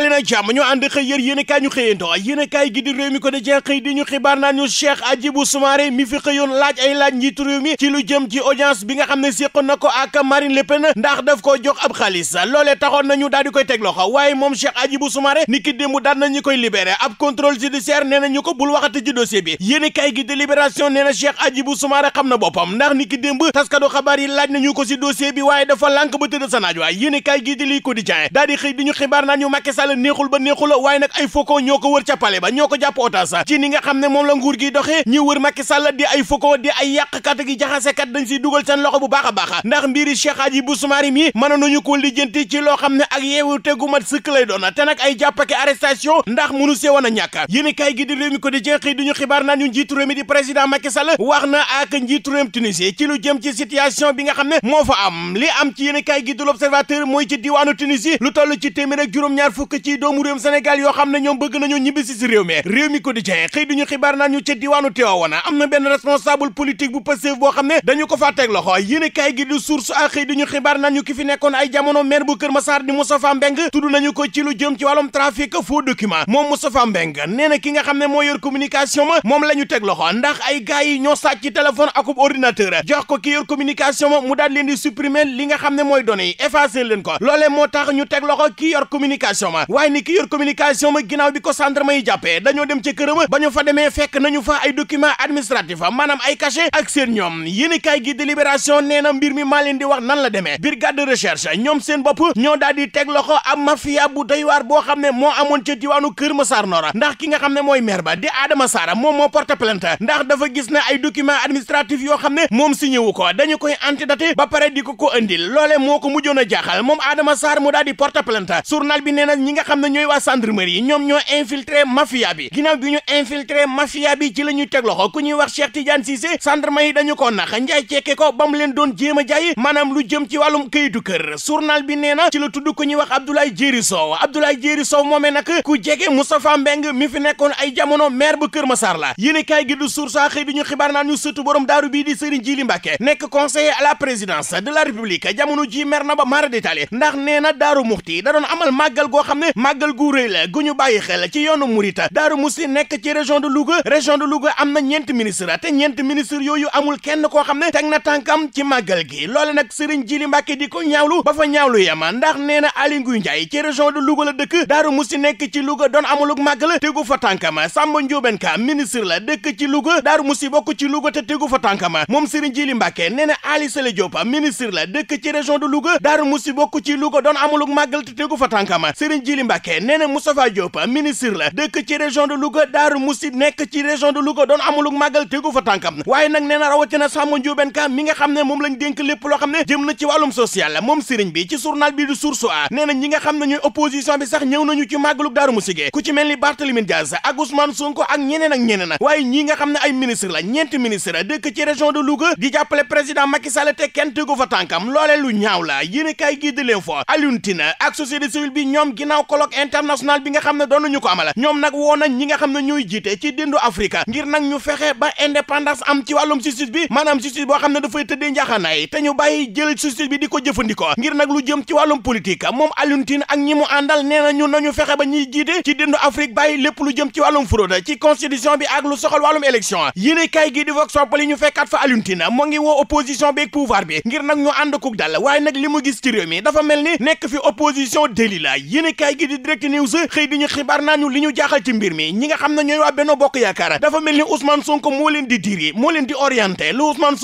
dali na jàmm ñu ànd xëy ñu xëyandoo yéen kaay gi di réew mi ko di jeex xëy di ñu xibaar naan ñu Cheikh Hadjibou Soumaré mi fi xëyoon laaj ay laaj njiitu réew mi ci lu jëm ci audience bi nga xam ne séqoon na ko ak Marine Le Pen ndax daf ko jox ab xaalis loole taxoon nañu daal di koy teg loxo waaye moom Cheikh Hadjibou Soumaré ni ki démb daan nañu koy libéré ab contrôle judiciaire nee na ñu ko bul waxati ci dossier bi gi di libération nee na Cheikh Hadjibou Soumaré xam na boppam ndax ni ki démb taskatu xabaar yi laaj nañu ko ci dossier bi waaye dafa lànk ba tëdd sa naaj waay yéen kaay gi di yàlla neexul ba neexula waaye nag ay faucon ñoo ko wër ca palais ñoo ko jàpp otage ci ni nga xam ne moom la nguur gi doxee ñu wër Macky Sall di ay faucon di ay yàqkat gi jaxasekat dañ siy dugal seen loxo bu baax a baax ndax mbiri Cheikh Hadji Boussoumari mi mënoon nañu ko lijjanti ci loo xam ne ak yeewu tegu mat sëkk lay doon te nag ay jàppake arrestation ndax mënu see woon a ñàkk yéen kay gi di réew mi ko di jeexi duñu xibaar naan ñu njiitu réew mi di président Macky Sall wax na ak njiitu réew Tunisie ci lu jëm ci situation bi nga xam ne moo fa am li am ci yéen kay gi di l'observateur mooy ci diwaanu Tunisie lu toll ci téeméer ak juróom-ñaar fukki ci doomu réewum Sénégal yoo xam ne ñoom bëgg nañu ñibbisi si réew mi réew mi quotidien xëy duñu xibaar naan ñu ca diwaanu Tivaouane am na benn responsable politique bu Pastef boo xam ne dañu ko faa teg loxo yéene kaay gi di source ak xëy duñu xibaar naan ñu ki fi nekkoon ay jamono maire bu Kër Massar di Moustapha Mbeng tudd nañu ko ci lu jëm ci wàllum trafic faux document moom Moustapha Mbeng nee na ki nga xam ne moo yor communication ma moom lañu teg loxo ndax ay gars yi ñoo sàcc ci téléphone jox ko ki communication ma mu daal leen di li nga xam ne mooy données yi effacer leen ko loolee moo tax ñu teg loxo ki yor communication ma ma waaye ni ki yor communication ma ginnaaw bi ko gendarme yi jàppee dañoo dem ca këram ba ñu fa demee fekk nañu fa ay document administratif maanaam ay cachet ak seen ñoom yéen kaay gi délibération nee na mbir mi maa leen di wax nan la demee brigade de recherche ñoom seen bopp ñoo daal di teg loxo a mafia bu doy waar boo xam ne moo amoon ca diwaanu Kër Massar Nord ndax ki nga xam ne mooy maire ba di Adama Sarr moom moo porte plainte ndax dafa gis ne ay document administratif yoo xam ne moom signé wu ko dañu koy antidaté ba pare di ko ko andil loole moo ko mujjoon a jaaxal moom Adama Sarr mu daal di porte plainte journal bi nee na ñi nga xam ne ñooy waa gendarmerie ñoom ñoo infiltré mafia bi ginnaaw bi ñu infiltré mafia bi ci la ñuy teg loxo ku ñuy wax Cheikh Tidiane Cissé gendarme yi dañu ko nax njaay cekke ko ba leen doon jéem a jaay maanaam lu jëm ci wàllum këyitu kër journal bi nee na ci la tudd ku ñu wax Abdoulaye Jéeri Sow Abdoulaye Jéeri Sow moomee nag ku jege Moustapha Mbeng mi fi nekkoon ay jamono maire bu Kër ma la yéene kaay gi du suur saa xëy di ñu xibaar naa ñu sëtu borom daaru bii di Serigne Djili Mbacké nekk conseiller à la présidence de la na ba mara détaillé ndax nee na Daaru Muxti da doon amal màggal goo xam xam ne màggal gu rëy la gu ñu bàyyi xel ci yoonu Mouride Daaru Musti nekk ci région de Louga région de Louga am na ñeenti ministre te ñeenti ministre yooyu amul kenn koo xam ne teg na tànkam ci màggal gi loole nag Serigne Djili Mbacke di ko ñaawlu ba fa ñaawlu yema ndax nee na Aly Ngouille Ndiaye ci région de Louga la dëkk Daaru Musti nekk ci Louga doon amuluk màggal tegu fa tànkama Samba Ndiobène Ka ministre la dëkk ci Louga Daaru Musti bokk ci Louga te tegu fa tànkama moom Serigne Djili Mbacke nee na Aly Sele Diop la dëkk ci région de Louga Daaru Musti bokk ci Louga doon amuluk màggal te tegu fa tànkama Serigne Jili Mbàkke nee na Moustapha Diop ministre la dëkk ci Daaru Musti nekk ci région de Louga doon amulug màggal tegu fa tànkam waaye nag nee na rawatina Samba Ka mi xam ne moom lañ dénk lépp loo xam ne jëm na ci wàllum social moom sëriñ bi ci journal bi du Source A nee na xam ne ñooy bi sax ñëw nañu ci màggalug Daaru Musti gi ku ci mel ni Barthélémy Dias ak Ousmane Sonko ak ñeneen ak ñeneen waaye ñi xam ne ay ministre la ñeenti ginnaaw colloque international bi nga xam ne doon nañu ko amala ñoom nag woo nañ ñi nga xam ne ñuy jiite ci dindu Afrique ngir nag ñu fexe ba indépendance am ci wàllum justice bi maanaam justice boo xam ne dafay tëddee njaaxaanaay te ñu bàyyi jël justice bi di ko jëfandikoo ngir nag lu jëm ci wàllum politique moom Alioune Tine ak ñi mu àndal nee na ñu nañu fexe ba ñuy jiite ci dindu Afrique bàyyi lépp lu jëm ci wàllum fraude ci constitution bi ak lu soxal wàllum élection yéene kaay gi di ñu fekkaat fa Alioune Tine moo ngi woo opposition bi ak pouvoir bi ngir nag ñu ànd kuk nag li mu gis ci réew mi dafa mel ni nekk fi opposition kaay di direct news xëy di ñu xibaar ñu li ñu jaaxal mi ñi nga xam ne ñooy waa Benno Bokk Yaakaar dafa mel ni Ousmane Sonko moo leen di diri leen di orienté lu Ousmane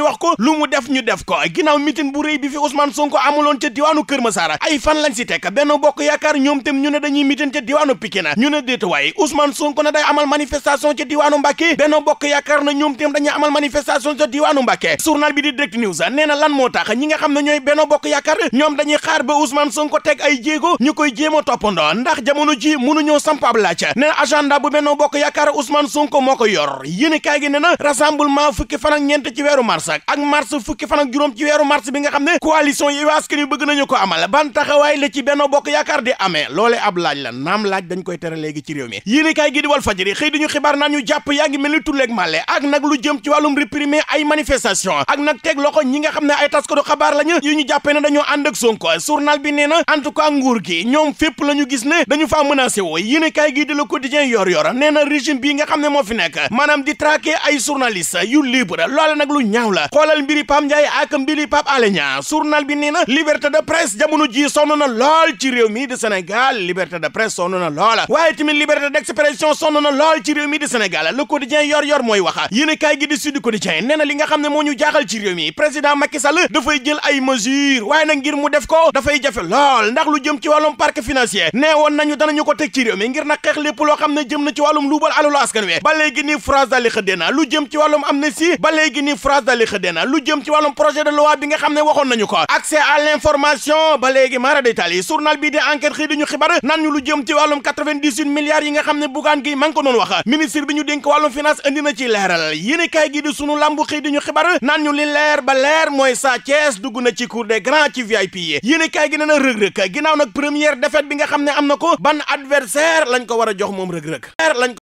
wax ko mu def ñu def ko ginnaaw mitin bu rëy bi amuloon ca diwaanu Kër ay fan lañ si tekk Benno Bokk Yaakaar ñoom tam ñu ñu ne déetuwaay Ousmane Sonko na day amal manifestation ca diwaanu Mbàkke Benno Bokk Yaakaar na ñoom tam dañuy amal manifestation ca diwaanu Mbàkke journal bi di direct news nee na tax ñi nga xam ne ñooy Benno Bokk Yaakaar ñoom dañuy xaar ba Ousmane Sonko teg ay jéego ñu koy jéem jéema toppandoo ndax jamono ji mënuñoo sampaab laaj nee na agenda bu Benno Bokk Yaakaar Ousmane Sonko moo ko yor yéen kaay gi nee na rassemblement fukki fan ak ñeent ci weeru mars ak mars fukki fan ak juróom ci weeru mars bi nga xam ne coalition yi waaskan yu bëgg nañu ko amal ban taxawaay la ci Benno Bokk Yaakaar di amee loolee ab laaj la naam laaj dañ koy tere léegi ci réew mi yéen kaay gi di Walf Fadjri xëy diñu xibaar naan ñu jàpp yaa ngi mel ni tulleeg màlle ak nag lu ñi nga xam ne ay taskatu xabaar lañu yu ñu jàppee ne dañoo ànd ak Sonko journal na en tout cas gi ñoom fépp la ñu gis ne dañu faa menacé woo yéen kaay gii di Le Quotidien yor yor nee na régime bii nga xam ne moo fi nekk di traqué ay journaliste yu libre loola nag lu ñaaw la xoolal mbiri Pam Ndiaye ak mbiri Pape Alé Niang journal bi nee na liberté de presse ji sonn na lool ci réew di Sénégal liberté de presse sonn na loola waaye tamit liberté d'expression sonn na lool ci réew di Sénégal Le Quotidien yor yor mooy wax yéen kaay gi di Sud Quotidien nee li nga xam ne moo ñu jaaxal ci réew mi président Macky Sall dafay ko dafay jafe lool fisc financier nee woon nañu danañu ko teg ci réew mi ngir na xeex lépp xam ne jëm na ci wàllum luubal alalu askan wi ba léegi nii France daal di xëddee na lu jëm ci wàllum amnistie ba léegi nii France daal di xëddee lu jëm ci wàllum projet de nga xam ne waxoon nañu ko accès à l'information ba léegi mara détail yi journal bi di enquête xëy diñu xibaar nan ñu lu jëm ci wàllum 98 milliards yi nga xam ne Bougane Gueye man ko noonu wax ministre bi ñu na défaite bi nga xam ne am na ko ban adversaire lañ ko war a jox moom rëg-rëg